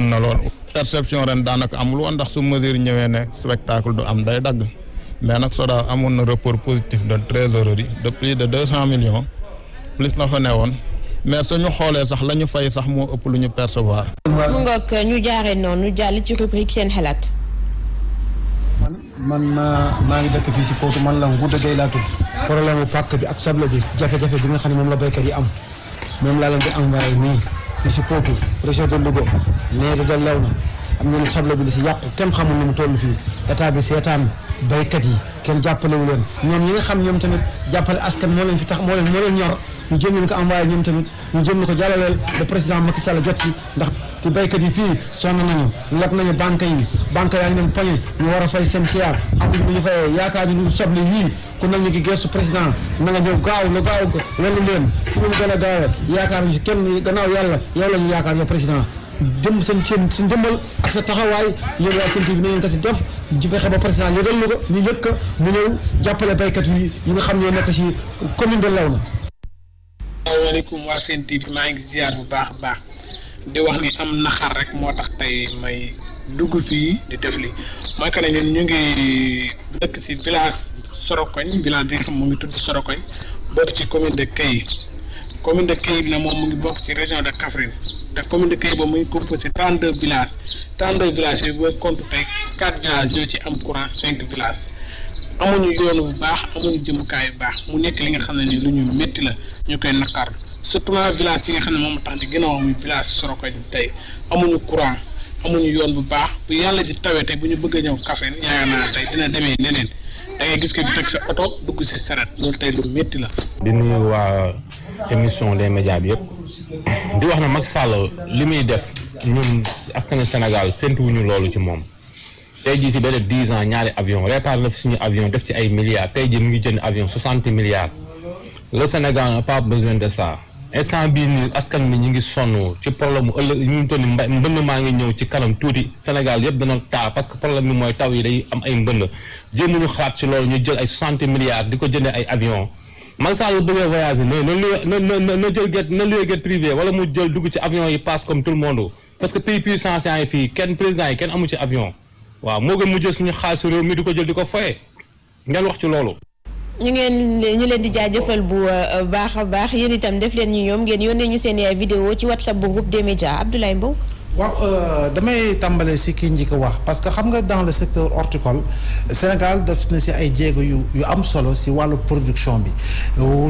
jàppoon na loolu perception ren daanaka amul woon ndax su mesure ñëwee ne spectacle du am day dagg mais nag Sodav amoon na report positif de trésorerie de plus de deux cent millions plus la fa ne woon mais suñu xoolee sax la ñu fay sax moo ëpp lu ñu percevoir. mu ngoog ñu jaaree noonu jàll ci rubrique seen xalaat. man maa ngi dëkk fii si kootu man la Ngouda Gueye laa bi ak soble bi jafe-jafe bi nga xam ne la béykat yi am moom laa leen di li si Potou région de Louga mairie de Léona am nañu soble bi li si yàqu kenn xamul nu mu toll fii état bi seetaan béykat yi kenn jàppalewu leen ñoom ñi nga xam ñoom tamit jàppale askan moo leen fi tax moo leen moo leen ñor ñu jëm leen ko envoyé ñoom tamit ñu jëm ko jàllaleel le président Macky Sall jot si ndax ci baykat yi fii son nañu leb nañu banque yi banque yaa ngi leen poñe ñu war a fay seen xiyaar amuñu ñu fayee yaakaar ñu lu soble yii kon ne ñu ngi gëstu président na nga ñëw gaaw lu gaaw welu leen su ñu gën a gaawee yaakaar ñu si kenn gannaaw yàlla yow la ñu yaakaar yow président jëm seen seen si ndimbal ak sa taxawaay yéen waa Sen TV bi na ngeen ko si président yëgal lu ñu yëg ko mu jàppale béykat yi yi nga xam ñoo nekk si commune de Léona. asalaamaaleykum waa Sen maa ngi ziar bu baax baax. di wax ni am naxar rek moo tax tey may dugg fii di def li mooy que ne ñun ñu ngi dëkk si village Sorokoñ village bi nga xam mu ngi tudd Sorokoñ bokk ci commune de Kay commune de Kay bi na moom mu ngi bokk ci région de Kaffrine te commune de Kay boobu mu ngi composé trente deux villages trente deux villages yooyu boo compte tey quatre villages ñoo ci am courant cinq villages amuñu yoon bu baax amuñu jëmukaay bu baax mu nekk li nga xam ne ni lu ñu métti la ñu koy naqar surtout village yi nga xam ne moom tax di ginnaaw muy village Sorokoñ tey amuñu courant amuñu yoon bu baax bu yàlla di tawee tey bu ñu bëgg ñëw Kaffrine yaakaar naa tey dina demee neneen da ngay oto dugg si saret loolu tey lu métti la. di nuyu waa émission des média bi yëpp di wax na mag sàll li muy def ñun askanu Sénégal séntuwuñu loolu ci moom. tey jii si benn dix ans ñaari avion réparé na fi suñu avion def ci ay milliards tey jii mu ngi jënd avion soixante milliards le Sénégal n'a pas besoin de ça. instant bi nii askan bi ñu ngi sonn ci problème mu ëllëg ñu ngi toll nii mbënn maa ngi ñëw ci kanam tuuti Sénégal yëpp dana taa parce que problème bi mooy taw yi day am ay mbënn mu ñu xalaat ci loolu ñu jël ay soixante milliards di ko jëndee ay avion man saa yu bëggee voyager ne na lu na na jël jet na luwee jet privé wala mu jël dugg ci avion yi passe comme tout le monde parce que pays puissance yi fii kenn président yi kenn amu ci avion waaw moo gën mu jël suñu xaalisu réew di ko jël di ko foye ngeen ci loolu ñu ngeen ñu leen di jëfal bu euh, baax a baax yéen itam def leen ñu ñoom ngeen yónnee ñu seen i vidéo ci whatsapp bu groupe des médias Abdoulaye Mbow waaw euh, damay tàmbale si kii njikk wax parce que xam nga dans le secteur horticole Sénégal def na si ay jéego yu yu am solo si wàllu production bi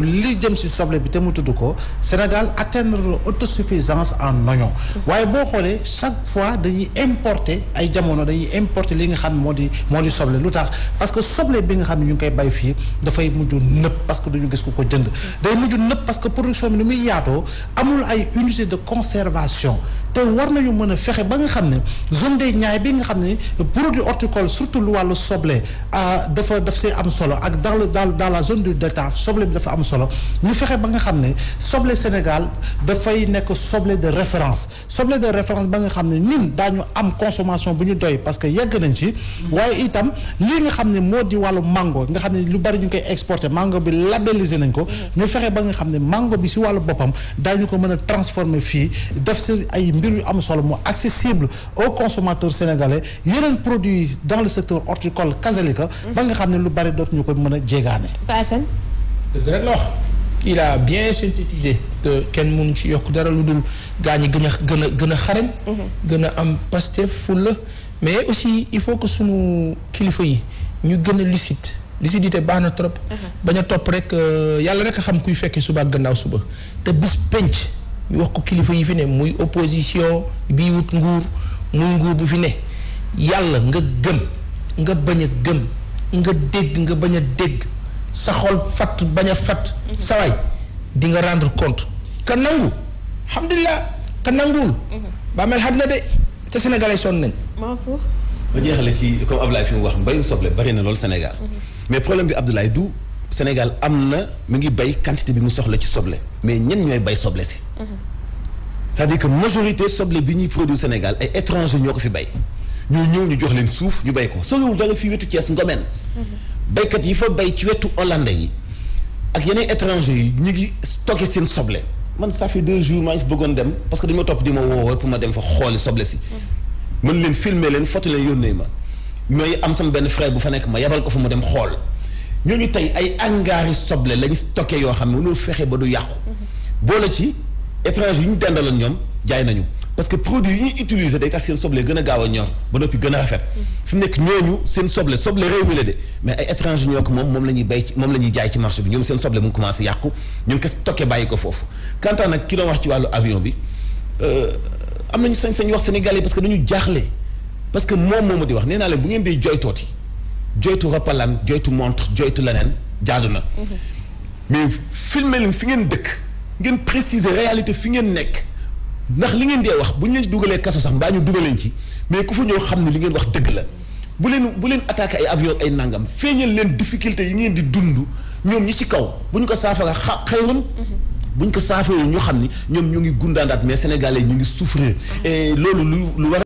li jëm si soble bi te mu tudd ko Sénégal atteindre autosuffisance en oignon waaye boo xoolee chaque fois dañuy importer ay jamono dañuy importer li nga xam moo di moo di soble lu tax parce que soble bi nga xam ne ñu ngi koy bay fii dafay mujj nëb parce que dañu gis ko ko jënd day mujj nëb parce que production bi ni muy yaatoo amul ay unité de conservation te war nañu mën a fexe ba nga xam ne zone des Niayes bi nga xam ne produit horticole surtout lu wàllu soble euh, dafa def see am solo ak dal dal dans dans la de du delta soble bi dafa am solo ñu fexe ba nga xam ne soble Sénégal dafay nekk soble de référence soble de référence ba nga xam ne ñun daañu am consommation bu ñu doy parce que yegg nañ ci. waaye itam lii nga xam ne moo di wàllu mango nga xam ne lu bari ñu koy exporté mango bi labellisé nañ ko. Mm-hmm. ñu fexe ba nga xam ne mango bi si wàllu boppam daañu ko mën a fii mbir yu am solo moo accessible aux consommateurs sénégalais yeneen produits dans le secteur horticole casalika ba nga xam ne lu bari dootuñu ko mën a jéegaane dëgg rek la il a bien synthétisé que kenn mënu ci yokk dara lu dul gaa ñi gën gën a gën a xarañ gën a am Pastef fulla mais aussi il faut que sunu kilifa yi ñu gën a lucide lucidité baax na trop mhm. bañ a topp rek euh, yàlla rek a xam kuy fekkee suba ak gannaaw suba te bis penc wax ko kilifa yi fi ne muy opposition bi wut nguur muy nguur bu fi ne yàlla nga gën nga bañ a gëm nga dégg nga bañ a dégg sa xol fatt bañ a fatt mhm. saway di nga rendre compte ka nangu alhamdulilah ka nanguwul mhm. bàmmeel xam na de te sénégalais son nañ Mansour ma jeexale ci comme Abdoulaye fi mu wax mbayum soble bari na loolu Sénégal mhm. mais problème bi Abdoulaye du Sénégal am na mu ngi bay quantité bi mu soxla ci soble mais ñen ñooy bay soble si mhm. c'est-à-dire que majorité soble bi ñuy produire Sénégal ay étranger ñoo ko fi bay ñoo ñëw ñu jox leen suuf ñu bay ko soriwul dara fi wetu Thiès Ngomen mhm. baykat yi fa bay ci wetu hollandais yi ak yeneen étranger yi ñu ngi stocké seen soble man ça fait deux jours maa ngi fi bëggoon dem parce que dañu ma topp di ma woo pour ma dem fa xooli soble si mhm. mën leen filmer leen foto leen yónnee ma mais am sama benn frère bu fa nekk ma yabal ko fa mu dem xool ñooñu tey ay angaari soble lañu stocké yoo xam mu loolu fexe ba du yàqu. boole ci étranger yi ñu dendaloon ñoom jaay nañu parce que produit yi ñuy utiliser day tax seen soble gën a gaaw a ñor ba noppi gën a rafet. fi nekk ñooñu seen soble soble réew mi la de mais ay étranger ñoo ko moom moom la bay moom la ñuy jaay ci marché bi ñoom seen soble mu ngi commencé yàqu ñu ngi ko stocké bàyyi ko foofu. quant à nag ki doon wax ci wàllu avion bi euh, am nañu sañ-sañ wax Sénégalais que dañu moom di wax nee naa bu ngeen dee jooy tooti joytu rappalaan joytu montre joytu leneen jaadu na. mais filmer leen fi ngeen dëkk ngeen préciser réalité fi ngeen nekk ndax li ngeen dee wax bu ñu leen dugalee kaso sax mbaa ñu dugaleen ci mais ku fa ñëw xam ne li ngeen wax dëgg la bu leen bu leen attaqué ay avion ay nangam feeñal leen difficulté yi ngeen di dund ñoom ñi ci kaw bu ñu ko saafara xa xayrun bu ñu ko saafara ñu xam ni ñoom ñu ngi gundaandaat mais sénégalais ñu ngi souffrir et loolu lu lu war